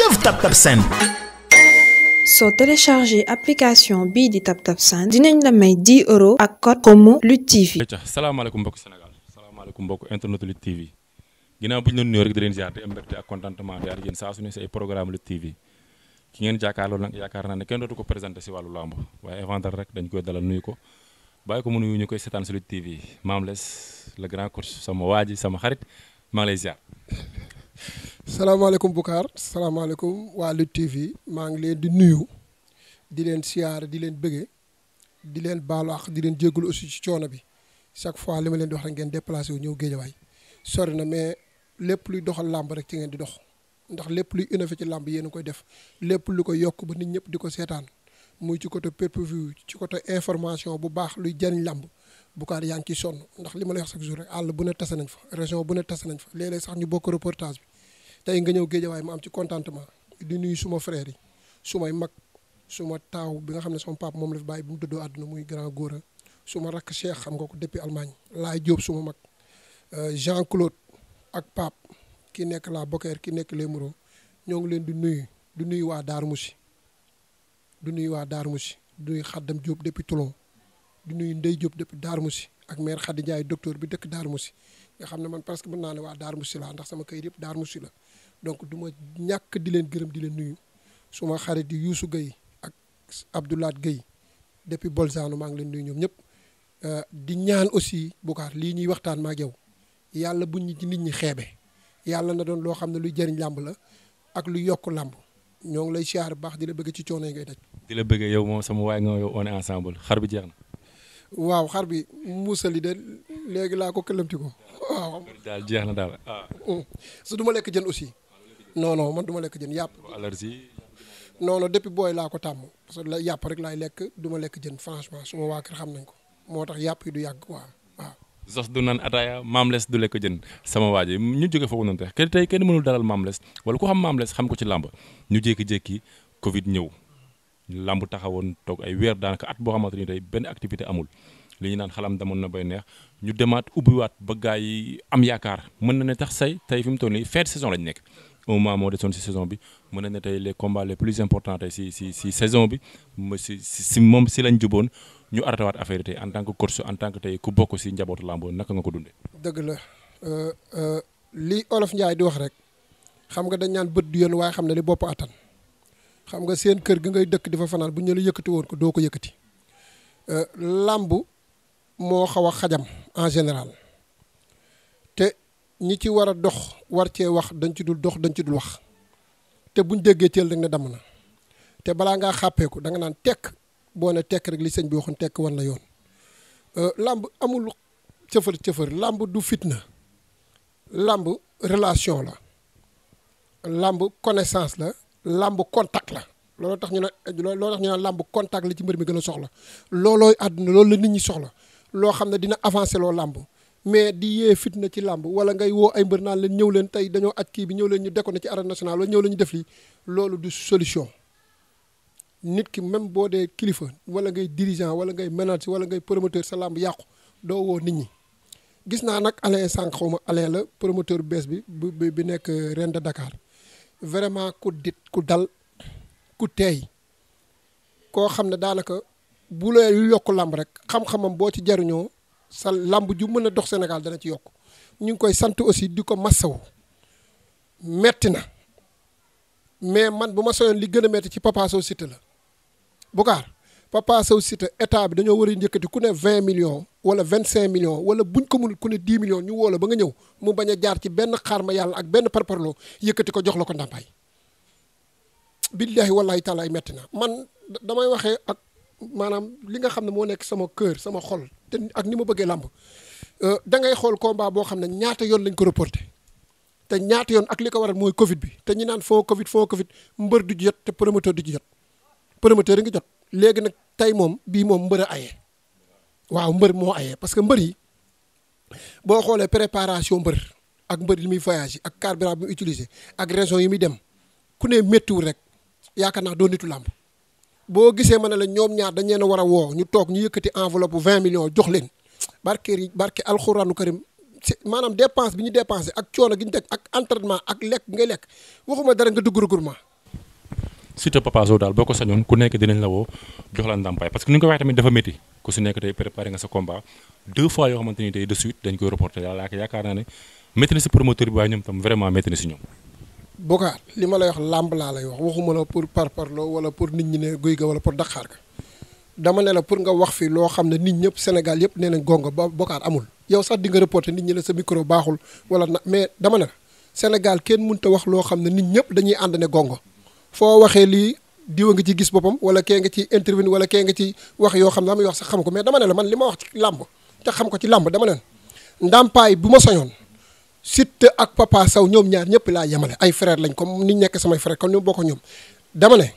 jëf TapTap Send soo téléchargé application bii di TapTap sant dinañ la may 10 euros ak code promo Lutte TV. salaamaaleykum mbokk Sénégal salaamaaleykum mbokk internet Lutte TV ginnaaw bu ñu leen nuyoo rek di leen ziar di am mbégte ak contentement di ànd yéen saa su ne si ay programme Lutte TV ki ngeen jàkkaarloo nag yaakaar naa ne kenn dootu ko présenté si wàllu làmb waaye avant dara rek dañ koy dalal nuyu ko bàyyi ko mu nuyu ñu koy seetaan si Lutte TV Mame Less le grand coach sama waa ji sama xarit maa salaamaaleykum Boucar salaamaaleykum waa Lutte TV maa ngi leen di nuyu di leen siyaare di leen bëggee di leen baal àq di leen jégalu aussi ci coono bi chaque fois li ma leen di wax rek ngeen déplacé wu ñëw géejawaay sori na mais lépp luy doxal làmb rek ci ngeen di dox ndax lépp luy innové ci làmb yéen a koy def lépp lu ko yokk ba nit ñëpp di ko seetaan muy ci côté pay-per-view ci côté information bu baax luy jariñ làmb Boucar yaa ngi ciy sonn ndax li ma lay wax chaque jour rek àll bu ne tase nañ fa région bu ne tase nañ fa léeg-léeg sax ñu bokk reportage tey nga ñëw géejawaay ma am ci contentement di nuyu suma frères yi sumay mag suma taaw bi nga xam ne sama papa moom la fi bàyyi bu mu dëddoo àdduna muy grand góor a suma rakk Cheikh xam nga ko depuis Allemagne laay jóob suma mag euh, Jean Claude ak Pape ki nekk laa Boker ki nekk les Moreaux ñoo ngi leen di nuyu du nuyu waa Darou Moussi du nuyu waa Darou Moussi du nuyu Xaddam Diop depuis Toulon du nuyu Ndey Diop depuis Darou Moussi ak maire Khady Ndiaye docteur bi dëkk Darou Moussi nga xam ne man presque mën naa ne waa Darou Moussi ndax sama kayit yëpp Darou Moussi la. donc du ma ñàkk di leen gërëm di leen nuyu suma xarit yi Youssou Gueye ak Abdoulaat Gueye depuis Bolzano maa ngi leen nuyu ñoom ñëpp euh, di ñaan aussi Boucar lii ñuy waxtaan maak yow yàlla buñ ñu ci nit ñi xeebe yàlla na doon loo xam ne luy jëriñ làmb la ak lu yokk làmb ñoo ngi lay siyaar baax di la bëgg ci coono yi ngay daj. di la bëgg yow moom sama waay nga yow on est ensemble xar bi jeex na. waaw xar bi muusali de léegi laa ko këlëmti ko waaw. daal jeex na daal ah. mm. du ma lekk jën aussi. non man duma lekk jën yàpp. allergie. non non depuis booy laa ko tàmm parce que yàpp rek laay lekk du ma lekk jën franchement suma waa kër xam nañ ko moo tax yàpp yi du yàgg waaw waaw. Zos du naan ataaya Mamles du lekk jën sama waa ñu jóge foofu noonu te tey kenn mënul dalal Mamles wala ku xam Mamles xam ko ci làmb ñu jékki-jékki Covid ñëw làmb taxawoon toog ay weer daanaka at boo xamante ni tey benn activité amul. li ñu naan xalam damoon na bay neex ñu demaat ubbiwaat ba gaa yi am yaakaar mën na ne tax say tey fi mu toll nii fin de saison lañ nekk. un mois moo soon si saison bi mën na ne tey les combats les plus importants tey si si si saison bi si si moom si lañ juboon ñu arrêté waat affaire tey en tant que coach en tant que tey ku bokk si njabootu làmb naka nga ko dundee. dëgg la euh, euh, li olof Ndiaye di wax rek xam nga dañ naan bët du waaye xam ne bopp attan xam nga seen kër gi ngay dëkk di fa bu ñu la yëkkati woon ko ko yëkkati euh, làmb moo xaw a xajam en général te ñi ci war a dox. war cee wax dañ ci dul dox dañ ci dul wax te buñ déggee teel rek ne damm na te balaa ngaa xàppeeku da nga naan tekk boo ne tekk rek li sëñ bi waxoon tekk war na yoon euh, làmb amul cëfër cëfër làmb du fitna làmb relation la làmb connaissance la làmb contact la looloo tax ñu ne looloo tax ñu naan làmb contact la ci mbër mi gën a soxla loolooy àdduna loolu la nit ñi soxla loo xam ne dina avancé loo làmb mais di yee fitna ci làmb wala ngay woo ay mbër naa leen ñëw leen tey dañoo aj kii bi ñëw leen ñu dekkoon na ci arène nationale wala ñëw leen ñu def lii loolu du solution nit ki même boo dee kilifa wala ngay dirigeant wala ngay manager wala ngay promoteur sa làmb yàqu doo woo nit ñi. gis naa nag Alain Sànq xaw ma Alain la promoteur bees bi bu bi nekk Reine dakaar Dakar vraiment ku dit ku dal ku teey koo xam ne daanaka bu yu yokk làmb rek xam-xamam boo ci jariñoo sa làmb ju mën a dox Sénégal dana ci yokk ñu ngi koy sant aussi di ko massawu metti na mais man bu ma soyoon li gën a metti ci Papa Sow la Boucar Papa Sow état bi dañoo war a njëkkati ku ne vingt million wala vingt cinq millions wala buñ ko mënul ku ne dix millions ñu woo ba nga ñëw mu bañ a jaar ci benn ma yàlla ak benn parparloo yëkkati ko jox la ko ndàmpaay billahi wallahi taala ay metti na man damay waxee ak maanaam li nga xam ne moo nekk sama kër sama xol te ak ni ma bëggee làmb euh, da ngay xool combat boo xam ne ñaata yoon lañ ko reporté te ñaata yoon ak li ko waral mooy Covid bi te ñi naan foo Covid foo Covid mbër du jot te promoteur du jot promoteur yi ngi jot léegi nag tey moom bii moom mbër a aye waaw mbër moo aye parce que mbër yi boo xoolee préparation mbër ak mbër li muy voyage ak carburant bi mu utilisé ak raison yi muy dem ku ne méttiwul rek yaakaar naa doo nitu làmb boo gisee ma ne la ñoom ñaar dañ leen war a woo ñu toog ñu yëkkati enveloppe bu 20 millions jox leen barke barke alxuraanu karim maanaam dépense bi ñu dépensé ak coono gi ñu teg ak entraînement ak lekk ngay lekk waxuma dara nga dugg regroupement. surtout Papa daal boo ko sañoon ku nekk dinañ la woo jox la ndàmpaay parce que ni ñu ko waxee tamit dafa métti ku si nekk tey préparé nga sa combat deux fois yoo xamante ni tey de suite dañ koy reporté Boucar li ma lay wax làmb laa lay wax waxuma la pour par parlo wala pour nit ñi ne guy ga wala pour daqaar ga dama ne la pour nga wax fi loo xam ne nit ñëpp Sénégal yëpp nee nañ gonga ba Boucar amul yow sax di nga nit ñi ne sa micro baaxul wala na mais dama ne la Sénégal kenn mënut a wax loo xam ne nit ñëpp dañuy ànd ne gongo foo waxee lii diwa nga ci gis boppam wala kee nga ci intervenir wala kee nga ci wax yoo xam ne am wax sax xam ko mais dama ne la man li ma wax ci làmb te xam ko ci làmb dama ne ndàmpaay bu ma soñoon Siteu ak Papa Sow ñoom ñaar ñëpp laa yemale ay frère lañ comme ni nekk samay frère comme ni bokk ñoom dama ne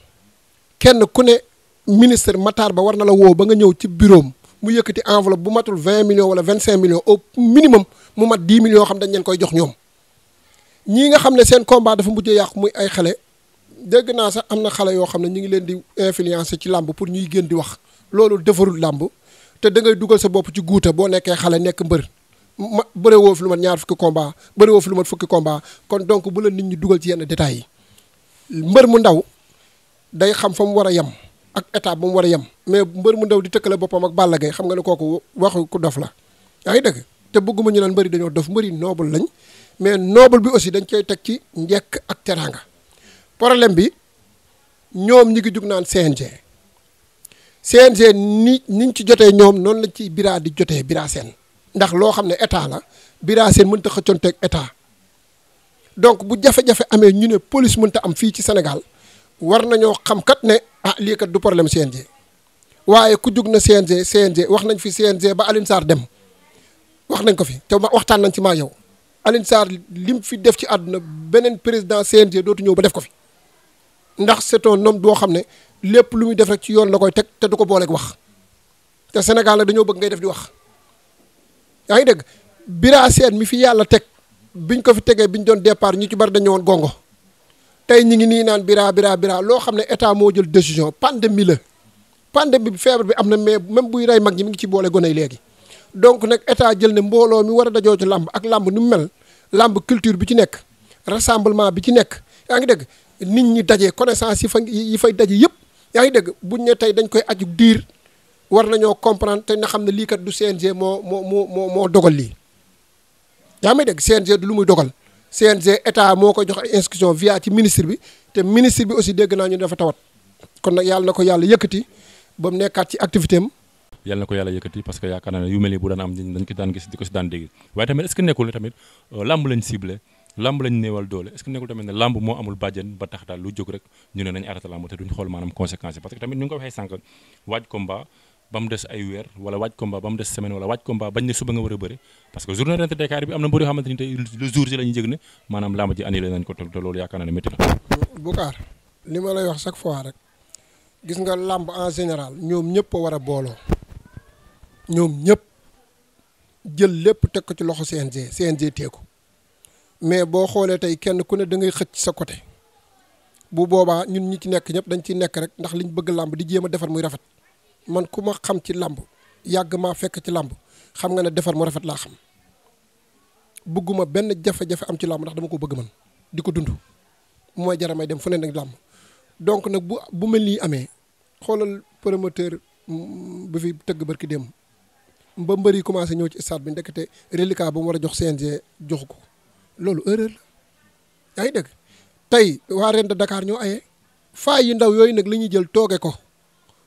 kenn ku ne ministre Matar Ba war na la woo ba nga ñëw ci bureau mu yëkkati enveloppe bu matul vingt millions wala 25 millions au minimum mu mat 10 millions xam dañ leen koy jox ñoom ñii nga xam ne seen combat dafa mujjee yàqu muy ay xale dégg naa sax am na xale yoo xam ne ñu ngi leen di influencer ci làmb pour ñuy gën di wax loolu defarul làmb te da dugal sa bopp ci guuta boo nekkee xale nekk mbër ma bëre woofu fi lu mat ñaar fukki combat bëre woofu fi lu mat fukki combat kon donc bu la nit ñi dugal ci yenn détails yi mbër mu ndaw day xam fa mu war a yem ak étape ba mu war a yem mais mbër mu ndaw di tëkkale boppam ak Balla Gaye xam nga ne kooku waxu ku dof la yaa ngi dëgg te bëgguma ñu naan mbëri dañoo dof mbëri noble lañ mais noble bi aussi dañ koy teg ci njekk ak teraanga problème bi ñoom ñi ngi jug naan CNG CNG nii niñ ci jotee ñoom noonu lañ ci biraa di jotee biraa ndax loo xam ne état la Bira Sène mënta xëccoonteeg état donc bu jafe-jafe amee ñu ne police mënta am fii ci senegal war nañoo xam kat ne ah lii kat du problème CNG waaye ku jug na CNG CNG wax nañ fi CNG ba Alioune Sarr dem wax nañ ko fi te waxtaan nañ ci maa yow Alioune Sarr lim fi def ci àdduna beneen président CNG dootu ñëw ba def ko fi ndax c'est un doo xam ne lépp lu muy def rek ci yoon la koy teg te du ko booleeg wax te Sénégal nag dañoo bëgg ngay def di wax. yaa ngi dégg Bira Sène mi fi yàlla teg bi biñ ko fi tegee bi ñu doon départ ñu ci bari dañu woon gongo tey ñi ngi nii naan Bira Bira Bira loo xam ne état moo jël décision pandémie la pandémie bi feebar bi am na mais même buy rey mag ñi mi ngi ci boole gone yi léegi donc nag état jël ne mbooloo mi war a dajoo ci làmb ak làmb nu mu mel làmb culture bi ci nekk rassemblement bi ci nekk yaa ngi dégg nit ñi dajee connaissance yi fa yi fay daje yëpp yaa ngi dégg buñ ne tey dañ koy aju diir war nañoo comprendre te na xam ne lii kat du CNG moo moo moo moo dogal lii yaa may dégg CNG du lu muy dogal CNG état moo ko jox ay instruction via ci ministre bi te ministre bi aussi dégg naa ñu dafa tawat kon nag yàlla na ko yàlla yëkkati ba mu nekkaat ci activité am. na ko yàlla yëkkati parce que yaakaar naa yu mel ni bu daan am dañ ko daan gis di ko si daan dégg waaye tamit est nekkul ne tamit euh, làmb lañ ciblé làmb lañ néewal doole est-ce que nekkul tamit ne moo amul bàjjen ba tax daal lu jóg ñu ne nañ arrêté làmb te duñ xool maanaam conséquences ba mu des ay weer wala waaj combat ba mu des semaine wala waaj combat bañ ne suba nga war a bëri parce que journée rente Dakar bi am na mbër xamante ni tey le ne maanaam làmb ji annulé nañ ko te loolu yaakaar naa ne métti la. Boucar li ma lay wax chaque fois rek gis nga làmb en général ñoom ñëpp a war a booloo ñoom ñëpp jël lépp teg ko ci loxo CNG CNG teeku mais boo xoolee tey kenn ku ne da ngay xëcc sa côté bu boobaa ñun ñi ci nekk ñëpp dañ ciy nekk rek ndax liñ bëgg làmb di jéem defar muy rafet. man ku ma xam ci làmb yàgg maa fekk ci làmb xam nga ne defar mu rafet laa xam bëgguma benn jafe-jafe am ci làmb ndax dama ko bëgg man di ko dund mooy jaramay dem fu ne nag làmb donc nag bu bu mel nii amee xoolal promoteur mm, bu fi tëgg barki dem ba mbër yi commencé ñëw ci stade bi ndekete reliquat ba war a jox CNG joxu ko loolu erreur ngi dégg tey waa Arène de Dakar ñoo aye ndaw yooyu nag la ñuy jël tooge ko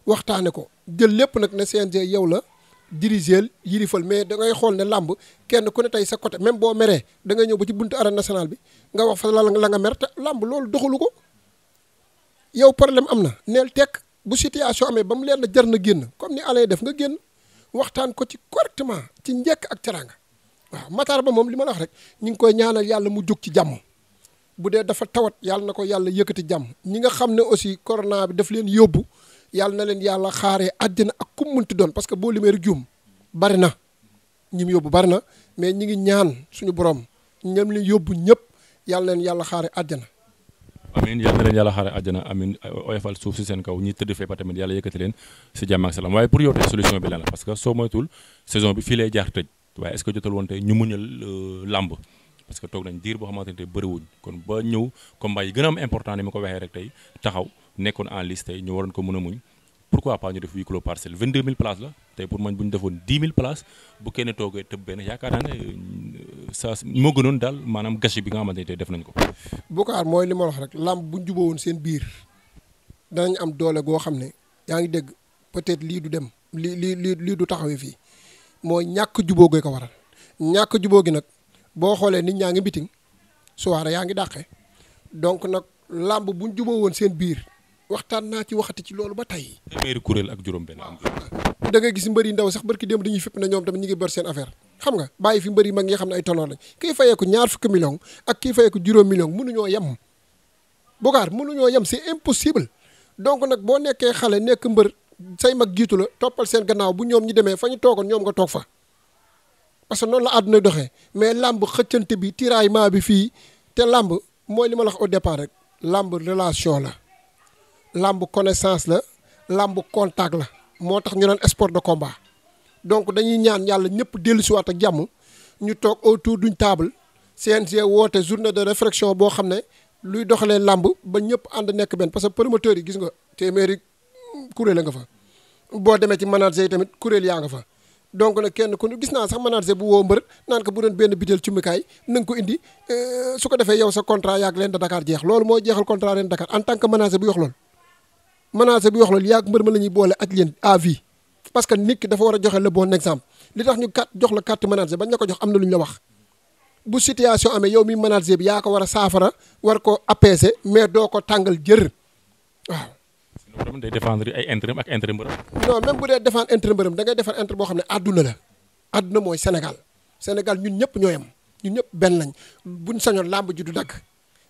waxtaane ko jël lépp nag ne CNG yow la dirigeel yirifal mais da ngay xool ne làmb kenn ku ne tey sa côté même boo meree da ngay ñëw ba ci bunt arène nationale bi nga wax fa la la nga mer te làmb loolu doxalu ko yow problème am na neel tekk bu situation amee ba mu leen na jar na génn comme ni alay def nga génn waxtaan ko ci correctement ci njekk ak teraanga waaw Matar ba moom li ma la wax rek ñu ngi koy ñaanal yàlla mu jóg ci jàmm bu dee dafa tawat yàlla na ko yàlla yëkkati jàmm ñi nga xam ne aussi corona bi daf leen yóbbu yàlla na leen yàlla xaaree àddina ak ku mënti doon parce que boo limeeri juum bari na ñi mu yóbbu bari na mais ñi ngi ñaan suñu borom ñam leen yóbbu ñëpp yàlla na leen yàlla xaare àddina amin yal na leen yàlla xaare àjjana amin oyofal suuf si seen kaw ñi tëdd fee ba tamit yàlla yëkkati leen si jàmm ak salaam waaye pour yow tey solution bi lan la parce que soo moytul saison bi fii lay jaar tëj waaye est ce que jotal woon tey ñu muñal euh, làmb parce que toog nañ diir boo xamante ne tey kon ba ñëw combat yi gën am important ni ma ko waxee rek tey taxaw nekkoon en list tey ñu waroon ko mun a muñ pourquoi pas ñu def huis clos parcelle 22000 places la tey pour man bu ñu defoon 10000 places bu kenn toogee tëb benn yaakaar naa ne saa euh, moo gënoon daal maanaam gâchis bi nga xamante ne tey def nañ ko. Boucar mooy li ma wax rek làmb bu ñu jubóowoon seen biir danañ am doole goo xam ne yaa ngi dégg peut-être lii du dem lii lii lii lii du taxawee fii mooy ñàkk jubóo gi ko waral ñàkk jubóo gi nag boo xoolee nit ñaa ngi bitim soirée yaa ngi dàqe donc nag làmb bu ñu woon seen biir. waxtaan naa ci waxati ci loolu ba tey. téeméeri kuréel ak juróom-benn am. da ngay gis mbëri ndaw sax barki démb dañuy fipp na ñoom tamit ñu ngi bër seen affaire xam nga bàyyi fi mbëri mag ñi nga xam ne ay tolloon lañ kii fayee ko ñaar fukki million ak kii fayee ko juróom million mënuñoo yem. Bogaar mënuñoo yem si impossible donc nag boo nekkee xale nekk mbër say mag giitu la toppal seen gannaaw bu ñoom ñi demee fa ñu toogoon ñoom nga toog fa. parce que noonu la àdduna doxee mais làmb xëccante bi tiraillement bi fii te làmb mooy li ma wax au départ làmb relation la. làmb connaissance la làmb contact la moo tax ñu naan sport de combat donc dañuy ñaan yàlla ñëpp dellu si waat ak jàmm ñu toog autour d'une table CNG woote journée de réflexion boo xam ne luy doxalee làmb ba ñëpp ànd nekk benn parce que promoteurs yi gis nga téeméeri kuréel a nga fa boo demee ci manager yi tamit kuréel yaa nga fa donc nag kenn ku gis naa sax manager bu woo mbër naan ko bu doon benn bitéel ci mikaay ko indi euh, su ko manager bi wax loolu yàgg mbër ma la ñuy boole ak yéen à vie parce que nit ki dafa war a joxe le bon exemple li tax ñu kat jox la carte manager bañ la ko jox am na lu ñu la wax bu situation amee yow mi manager bi yaa ko war a saafara war ko apaiser mais doo ko tàngal jër waaw. sinon tamit day défendre ay intérêt ak intérêt mbërëm. non même bu dee défendre intérêt mbërëm da ngay défendre intérêt boo xam ne àdduna la àdduna mooy Sénégal Sénégal ñun ñëpp ñoo yem ñun ñëpp benn lañ buñ sañoon làmb ji du dagg.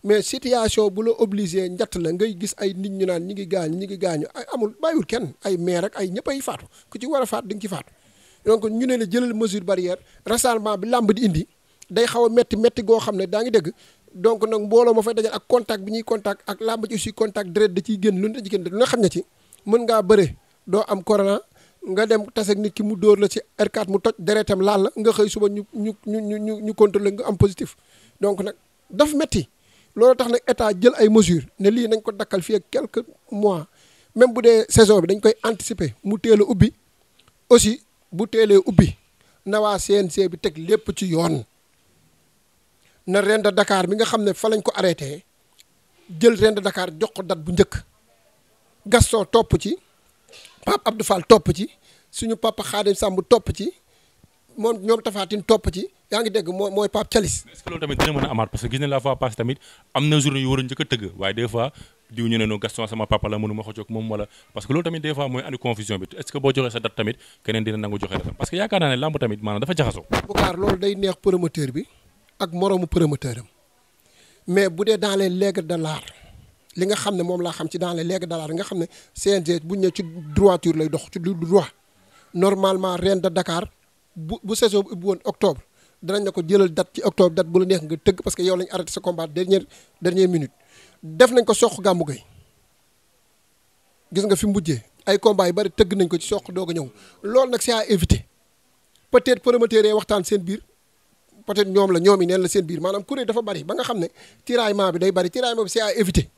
mais situation bu la obligé njatt la ngay gis ay nit ñu naan ñu ngi gaañ ñi ngi gaañu ay amul bàyyiwul kenn ay maire rek ay ñëpp ay faatu ku ci war a faat di nga ci faatu donc ñu ne la jëlal mesure barrière rassemblement bi làmb di indi day xaw a métti métti goo xam ne daa ngi dégg donc nag mbooloo ma fay dajal ak contact bi ñuy contact ak làmb ci aussi contact deret da ciy génn lu ne da ciy génn lu ne xam ne mën ngaa bëre doo am corona nga dem tase ak ki mu dóor la ci r mu toj deretam laal la nga xëy suba ñu ñu ñu ñu ñu contrôler nga am positif donc nag daf métti loolu tax nag état jël ay mesures ne lii nañ ko dakkal fii ak quelques mois même bu dee saison bi dañ koy anticiper mu teel a ubbi aussi bu téelee ubbi na waa CNG bi teg lépp ci yoon na ren dakaar bi nga xam ne fa lañ ko arrêté jël ren dakaar jox ko date bu njëkk Gaston topp ci Pape Abdou Fall topp ci suñu papa Khadim Samb topp ci moom ñoom tafaatin topp ci. yaa ngi dégg moo mooy Pape Thialis. est a amaat a moom wala parce que loolu tamit des fois mooy andi mais bu dee dans les règles de l'art li nga xam ne moom laa xam ci dans les règles de l'art nga xam ne CNG buñ ne ci droiture lay dox ci lu droit normalement reine de Dakar bu bu saison bi ubbi woon octobre danañ la ko jëlal date ci octobre date bu la neex nga tëgg parce que yow lañ arrêté sa combat dernière dernière minute def nañ ko soq gàmmu gay gis nga fi mujjee ay combat yu bari tëgg nañ ko ci soq doog a ñëw loolu nag c'est à éviter peut-être promoteur yi waxtaan seen biir peut-être ñoom la ñoom yi neen la seen biir maanaam kuréel dafa bari ba nga xam ne tiraillement bi day bari tiraillement bi c'est à éviter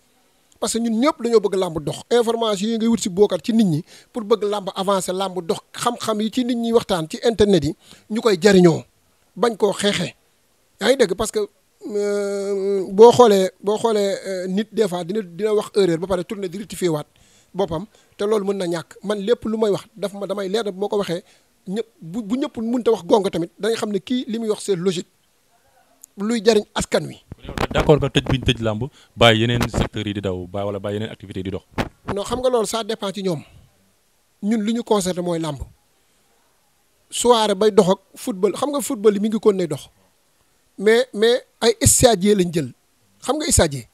parce que ñun ñëpp dañoo bëgg làmb dox information yi ngay wut si bokkat ci nit ñi pour bëgg làmb avancer làmb dox xam yi ci nit ñi waxtaan ci internet yi ñu koy jariñoo bañ koo xeexee yaa ngi dégg parce que euh, boo xoolee boo xoolee euh, nit des fois dina dina wax erreur ba pare tourner di rectifier waat boppam te loolu mën na ñàkk man lépp lu may wax daf ma damay leer na bu ko waxee ñëpp bu bu mun te wax gonga tamit da xam ne kii li muy wax seet logique luy jariñ askan wi. d'accord nga tëj bi ñu tëj làmb bàyyi yeneen secteurs yi di daw ba wala bàyyi yeneen activités di dox. non xam nga loolu ça dépent ci ñoom ñun li ñu concerné mooy làmb. soirée bay dox ak football xam nga football yi mu ngi kon ne dox mais mais ay stadier lañ jël xam nga stadier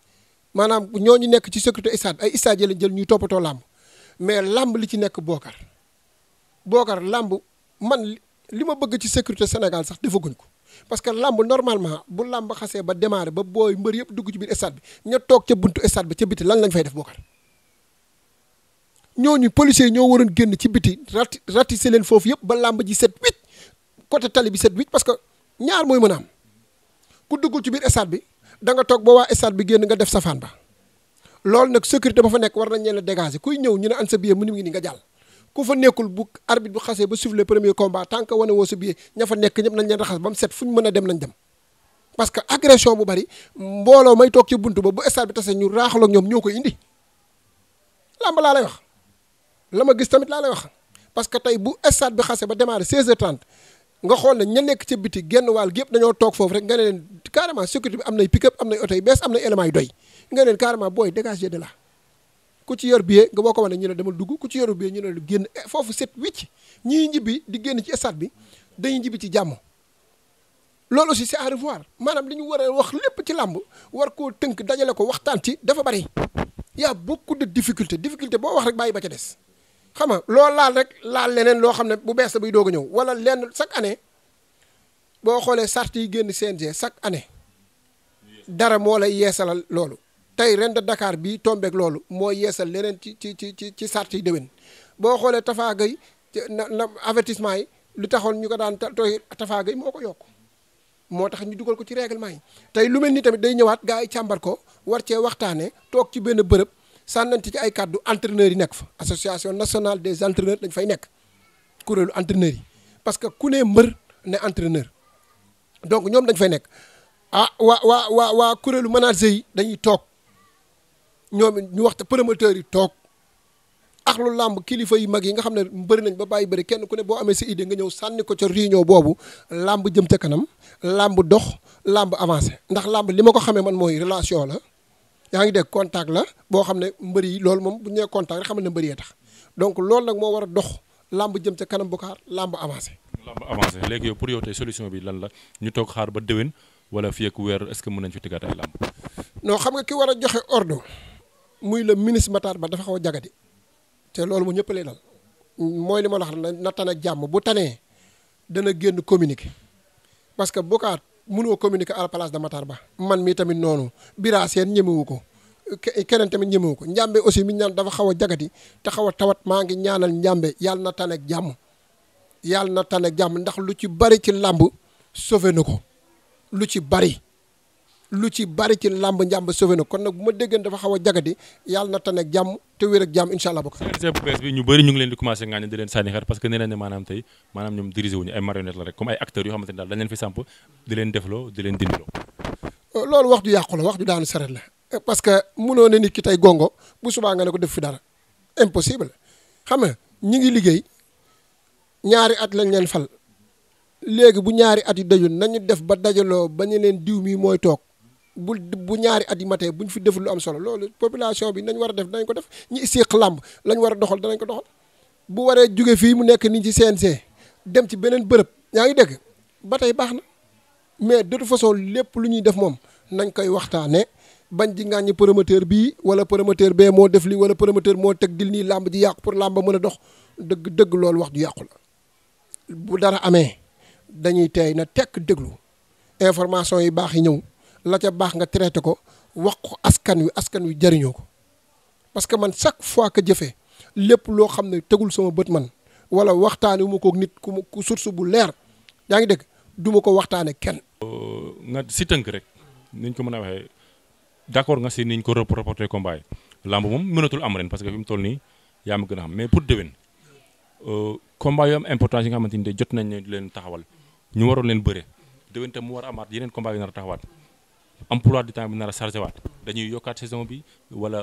maanaam ñoo ñu nekk ci sécurité stade ay stadier lañ jël ñuy toppatoo làmb mais làmb li ci nekk bookar bookar làmb man li ma bëgg ci sécurité Sénégal sax defaguñ ko parce que làmb normalement bu làmb xasee ba démarré ba booy mbër yëpp dugg ci biir stade bi ña toog ca buntu stade bi ca biti lan lañ fay def bookar ñooñu policiers ñoo waroon génn ci biti rati ratissé leen foofu yëpp ba làmb ji set huit côté tali bi set huit parce que ñaar mooy mën a am ku duggul ci biir stade bi da nga toog ba waa stade bi génn nga def safaan ba loolu nag sécurité ba fa nekk war nañ leen a dégager kuy ñëw ñu ne an sa billet mu ngi ni nga jàll ku fa nekkul bu arbitre bu xasee ba siffler premier combat tant que wane woo sa billet ña fa nekk ñëpp nañ leen raxas ba set fu ñu mën dem nañ dem parce que agression bu bari mbooloo may toog ci buntu ba bu stade bi tase ñu raaxaloo ak ñoom ñoo koy indi làmb laa wax la ma gis tamit laa lay wax parce que tey bu stade bi xase ba démarré 16h30 nga xool ne ña nekk ca biti genn wàll gépp dañoo toog foofu rek nga ne leen carrément sécurité bi am nay oto yu am nay éléments yu doy nga ne leen carrément booy dégagé de là ku ci yor billet nga woo ko wane ñu ne demal dugg ku ci yoru billet ñu ne lu génn eh, foofu set wicc ñii njibbi di génn ci stade bi dañuy njibbi ci jàmm loolu aussi c'est à revoir maanaam li ñu war a wax lépp ci làmb war koo tënk dajale ko waxtaan ci dafa bari y a beaucoup de difficultés difficulté boo wax rek bàyyi ba ca des xam nga loo laal rek laal leneen loo xam ne bu bees la buy doog ñëw wala lenn chaque année boo xoolee sart yi génn CNG chaque année dara moo lay yeesalal loolu tey ren de Dakar bii tombeek loolu moo yeesal leneen ci ci ci ci ci sart yi déwén boo xoolee Tafa Gueye na na avertissement yi lu taxoon ñu ko daan tooy Tafa Gueye moo ko yokk moo tax ñu dugal ko ci règlement yi tey lu mel nii tamit day ñëwaat gaa yi càmbar ko war cee waxtaanee toog ci benn bërëb. sànnante ci ay kàddu entraîneurs yi nekk fa association national des entraîneurs dañ fay nekk kuréelu entraîneurs yi parce que ku ne mbër ne entraîneur donc ñoom dañ fay nekk ah waa waa waa waa kuréelu manager yi dañuy toog ñoom ñu waxta promoteurs yi toog ak lu làmb kilifa yu mag yi nga xam ne bëri nañ ba bàyyi bari kenn ku ne boo amee sa idée nga ñëw sànni ko ca réunion boobu làmb jëm ca kanam làmb dox làmb avancer ndax làmb li ma ko xamee man mooy relation la yaa ngi dégg contact la boo xam ne mbër yi loolu moom bu ñu nee contact rek xam ne mbër yee tax donc loolu nag moo war a dox làmb jëm ca kanam Boucar làmb avancé. làmb avancé léegi yow pour yow tey solution bi lan la ñu toog xaar ba déwén wala fi ak weer est-ce que mën nañu fi tëggaat ay làmb. non xam nga ki war a joxe ordre muy le ministre Matar Ba dafa xaw a jagadi te loolu mu ñëpp lay dal mooy li ma la wax na tan ak jàmm bu tanee dana génn communiqué parce que Boucar mënoo communique à la place de Matar Ba man mii tamit noonu Bira Sène ñemewu ko keneen tamit ñemewu ko njàmbe aussi mi ñu naan dafa xaw a jagati te xaw a tawat maa ngi ñaanal njàmbe yàlla na tane jàmm yàlla na tane jàmm ndax lu ci bari ci làmb sauvé na ko lu ci bari lu ci bari ci làmb njàmb sauvé na kon nag bu ma déggeen dafa xaw a jagadi yàlla na tane ak jàmm te wér jàmm incha allah bokk CNG bu bees bi ñu bëri ñu ngi leen di commencé ngaañ di leen sànni xeer parce que nee nañ ne maanaam tey maanaam ñoom dirigé wuñu ay marionnette la rek comme ay acteurs yoo xamante ne daal dañ leen fi samp di leen defloo di leen dindiloo euh, loolu wax ju yàqu la wax ju daanu saret la euh, parce que munoo ne nit ki tey gongo bu subaa nga ko def fi dara impossible xam nga ñi ngi liggéey ñaari at lañ leen fal léegi bu ñaari at yi dajul nañu def ba dajaloo ba leen diw mi mooy toog bu bu ñaari at yi matee bu ñu fi def lu am solo loolu population bi nañ war a def danañ ko def ñi siq làmb lañ war a doxal danañ ko doxal bu waree jóge fii mu nekk nii ci CNC dem ci beneen bërëb ñaa ngi dégg ba tey baax na mais de toute façon lépp lu ñuy def moom nañ koy waxtaanee bañ di ngàññi promoteur bii wala promoteur bee moo def lii wala promoteur moo teg dil nii làmb ji yàqu pour làmb mën a dox dëgg dëgg loolu wax ju yàqu la bu dara amee dañuy teey na tekk déglu information yi baax yi ñëw la ca baax nga traité ko wax ko askan wi askan wi jariñoo ko parce que man chaque fois que jëfee lépp loo xam ne tegul sama bët man wala waxtaane wu ma nit ku ku source bu leer yaa ngi dégg du ma ko waxtaane kenn. Euh, nga si tënk rek niñ ko mën a waxee d'accord nga si niñ ko reporté combat yi làmb moom mënatul am ren parce que fi mu toll nii yaa ma gën a xam mais pour déwén euh, combat yu am importance yi nga xamante ni de jot nañ leen taxawal ñu waroon leen bëre déwén mu war a amaat yeneen combat yu taxawaat. emploi du temps bi nar a chargé waat dañuy yokkaat saison bi wala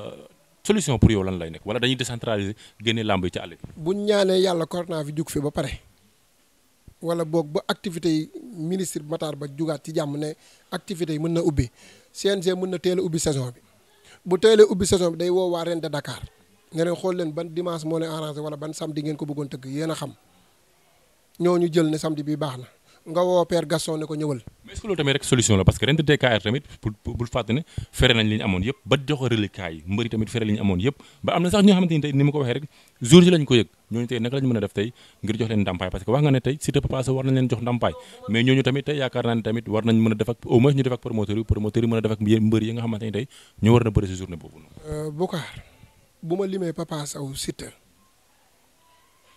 solution pour yow lan lay nekk wala dañuy décentraliser génne làmb yi ci àll bi. bu ñaanee yàlla corona fi jug fi ba pare wala boog ba activités yi ministre Matar ba jugaat ci jàmm ne activités yi mën na ubbi CNG mën na teel ubbi saison bi bu teelee ubbi saison bi day woo waa de Dakar ne leen xool leen ban dimanche moo leen arrangé wala ban samedi ngeen ko bëggoon tëgg yéen a xam ñooñu jël ne samedi bi baax na. nga woo Père Gaston ne ko ñëwal. mais est-ce que loolu tamit rek solution la parce que rent DKR tamit bu bul fàtte fere nañ li amoon yëpp ba jox reliquats yi mbëri tamit fere li amoon yëpp ba am na sax ñoo xamante ni tey ni ma ko waxee rek jour yi lañ ko yëg ñooñu tey naka lañ mën a def tey ngir jox leen ndàmpaay parce que wax nga ne tey si te war nañ leen jox ndàmpaay mais ñooñu tamit tey yaakaar naa ne tamit war nañ mën a def ak au moins ñu def a def ak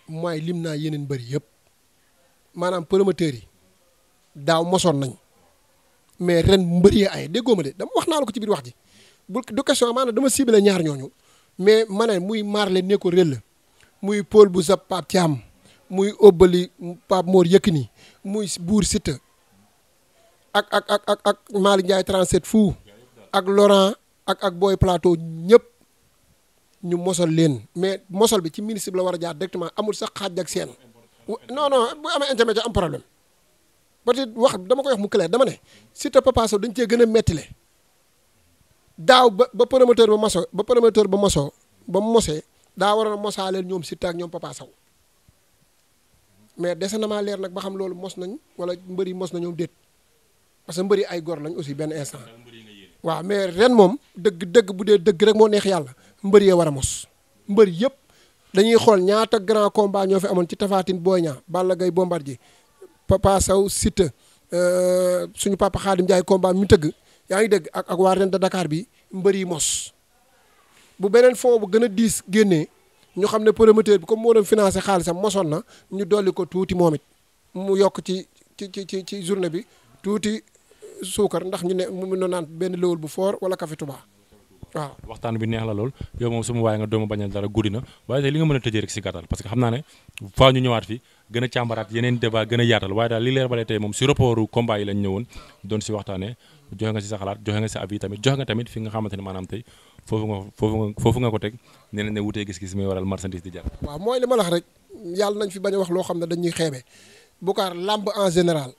euh, naa yeneen bëri yëpp maanaam promoteurs yi daaw mosoon nañ mais ren mbër yi ay déggoo ma de dama wax naa la ko ci biir wax ji bu du question maanaam dama ciblé ñaar ñooñu mais ma ne muy Marley ne ko rel muy Paul bu zap Pape Thiam muy Obali Pape yëkk ni muy Buur Siteu ak ak ak ak ak Malick Ndiaye 37 fou ak Laurent ak booy Boy Plateau ñëpp ñu mosol leen mais mosol bi ci ministre bi la war a jaar directement amul sax xaaj ak seen non non bu amee intermédiaire am problème peut-être wax dama koy wax mu clair dama ne Siteu Papa Sow dañ cee gën a mettile daaw ba ba promoteur ba maso ba promoteur ba moso ba mosee daa waroon a mosaaleel ñoom Siteu ak ñoom Papa mais dese na maa leer nag ba xam loolu mos nañ wala mbëri mos na ñoom déet parce que mbëri ay góor lañ aussi benn instant waaw mais ren moom dëgg dëgg bu dee dëgg rek moo neex yàlla mbëri yee war a mos mbëri yëpp dañuy xool ñaata grand combat ñoo fi amoon ci Tapha Tine Boy Niang Balla Gaye Bombardier Papa Sow Siteu euh, suñu papa Xaadim Njaay combat mi tëgg yaa ngi dégg ak ak waa dakaar bi mbër yi mos. bu beneen fond bu gën a diis génnee ñu xam ne promoteur bi comme moo doon financé xaalisam mosoon na ñu dolli ko tuuti moom it mu yokk ci ci ci ci journée bi tuuti suukar ndax ñu ne mu mën naan benn lëwal bu foor wala café Touba. waaw waxtaan bi neex la lool yow moom suma waaye nga dooma bañal dara guddi waaye tey li nga mën a tëjee rek si gàttal parce que xam naa ne faa ñu ñëwaat fi gën a càmbaraat yeneen débat gën a yaatal waaye daal li leer balee tey moom si rapportu combat yi lañ ñëwoon doon si waxtaanee joxe nga si sa xalaat joxe nga sa avis tamit joxe nga tamit fi nga xamante maanaam tey foofu nga foofu nga ko teg ne ne wutee gis-gis muy waral marchandise di jar waaw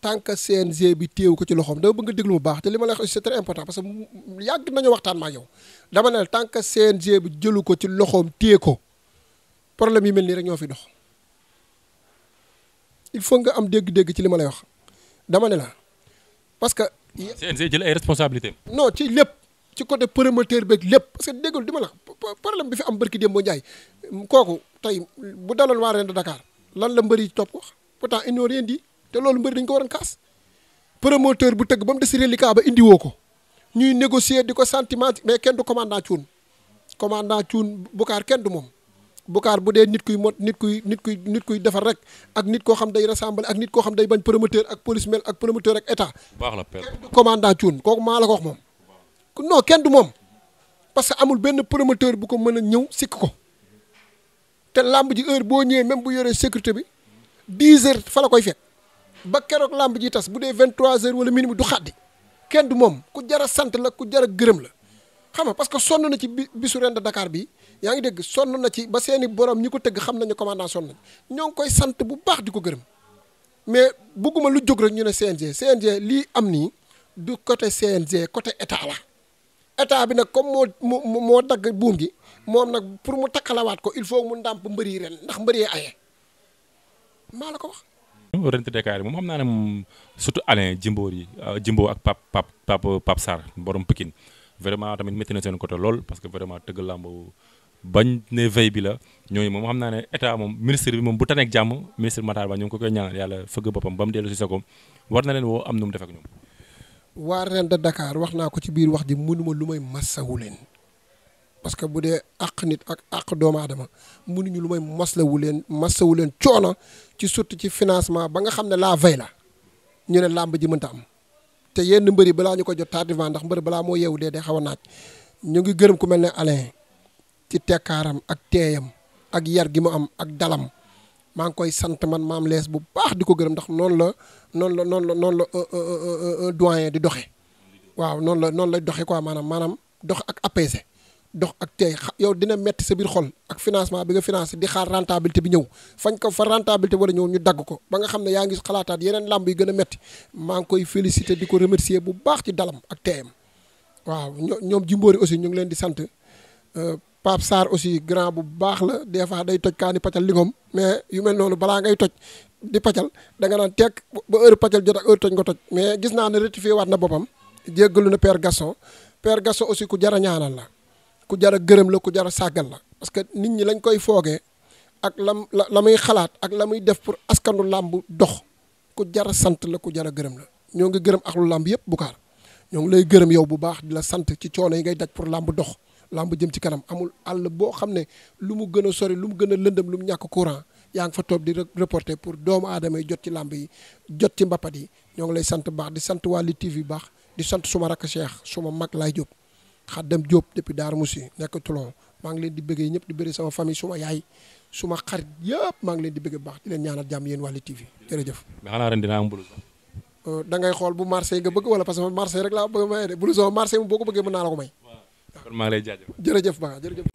tant que CNG bi téew ko ci loxoom dama bëgg nga déglu bu baax te li ma la wax c'est très important waxtaan maa yow dama ne tant que CNG bi jëlu ko ci loxoom téye ko problème yi mel nii rek ñoo fi dox il faut nga am dégg-dégg ci li ma lay wax dama ne la parce que. CNG jël ay responsabilités. non ci lépp ci côté promoteur beeg lépp parce que di ma la problème bi fi am barki Demba Ndiaye kooku tey bu daloon waa Rent Dakar lan la mbëri topp wax pourtant ils n'ont rien dit. te loolu mbëri dañ ko waroon kaas promoteur bu tëgg ba mu si reliquat ba indiwoo ko ñuy négocier di ko sentiment mais kenn du commandant cuun commandant cuun bukaar kenn du moom bukaar bu dee nit kuy mot nit kuy nit kuy nit kuy defar rek ak nit koo xam day rassemble ak nit koo xam day bañ promoteur ak police mel ak promoteur ak état baax la kenn du kooku maa la ko wax moom non kenn du moom parce que amul benn promoteur bu ko mën a ñëw sikk ko te làmb ji heure boo ñëwee même bu yoree sécurité bi dix heures fa la koy fekk ba keroog làmb ji tas bu dee 23h wala minuit du xaddi kenn du moom ku jar sant la ku jar gërëm la xam nga parce que sonn na ci bisu ren dakaar bi yaa ngi dégg sonn na ci ba seeni borom ñi ko tëgg xam nañu commandant sonn ñoo ngi koy sant bu baax di ko gërëm mais bugguma lu jóg rek ñu ne CNG CNG lii am nii du côté CNG côté état la état bi nag comme moo moo moo dagg buum gi moom nag pour mu takkalawaat ko il faut mu ndàmp mbëri ren ndax mbëri aye maa la ko rent Dakar yi moom xam naa ne moom surtout Alain Jimboor yi euh, Jimbo ak Pape Pape Pape Pape Sarr borom Pikine tamit métti na seen côté lool parce que vraiment tëgg làmb bañ ne bi la ñooñu moom xam naa ne état moom ministre bi moom bu taneeg jàmm ministre Matar Ba ñu ngi ko koy ñaanal yàlla fëgg boppam ba mu dellu si sa koom war na leen woo am nu mu def ñoom. waa rent Dakar wax naa ko ci biir wax ji mënuma lu may massawu leen. parce que bu dee àq nit ak àq doomu aadama ñu lu may maslawu leen masawu leen coono ci surtout ci financement ba nga xam ne laa veille la ñu ne làmb ji mënta am te yenn mbëri balaa ñu ko jot tardivement ndax mbëri balaa moo yeewu dee day xaw a naaj ñu ngi gërëm ku mel ne Alain ci tekkaaram ak teeyam ak yar gi mu am ak dalam maa ngi koy sant man maam lees bu baax di ko gërëm ndax noonu la noonu la noonu la noonu la euh, euh, euh, doyen di doxe waaw noonu la noonu lay doxe quoi maanaam maanaam dox ak apaisé dox ak tey yow dina metti sa biir xol ak financement bi nga financé di xaar rentabilité bi ñëw fañ ko fa rentabilité war a ñëw ñu dagg ko ba nga xam ne yaa ngi xalaataat yeneen làmb yi gën a metti maa ngi koy félicité di ko remercier bu baax ci dalam ak teeyam waaw ñoom Jimbori aussi ñu ngi leen di sant euh, Pape Sarr aussi grand bu baax la des fois day toj kaani pacal lingom mais yu mel noonu balaa ngay toj di pacal da nga naan teg ba heure pacal jot ak heure toj mais gis naa ne rectifié waat na boppam jéggalu na Père Gasson Père aussi ku jar a la ku jar a gërëm la ku jar a sàggal la parce que nit ñi lañ koy foogee ak lam la la muy xalaat ak la muy def pour askanu làmb dox ku jar a sant la ku jar a gërëm la ñoo ngi gërëm axlu làmb yëpp Boucar ñoo ngi lay gërëm yow bu baax di la sant ci coono yi ngay daj pour làmb dox làmb jëm ci kanam amul àll boo xam ne lu mu gën a sori lu mu gën a lëndëm lu mu ñàkk courant yaa ngi fa toog di reporter pour doomu aadama yi jot ci làmb yi jot ci mbapat yi ñoo ngi lay sant baax di sant waa Lutte TV baax di sant suma rakk Cheikh suma mag laay Jóob Xaddam Diop depuis Darou Moussi nekk Toulon maa ngi leen di bëggee ñëpp di bëri sama famille suma yaay suma xarit yëpp maa ngi leen di bëggee baax di leen ñaanal jàmm yéen wàllu TV jërëjëf. mais xanaa ren dinaa am blouson. Euh, da ngay xool bu marché nga bëgg wala parce que marché rek laa bëgg a maye de blouson marché boo ko bëggee mën naa la ko may. waaw kon maa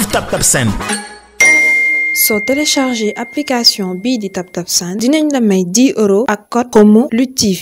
ak TapTap Send soo téléchargé application bii di TapTap Send dinañ la may 10 euros ak code comme Lutte TV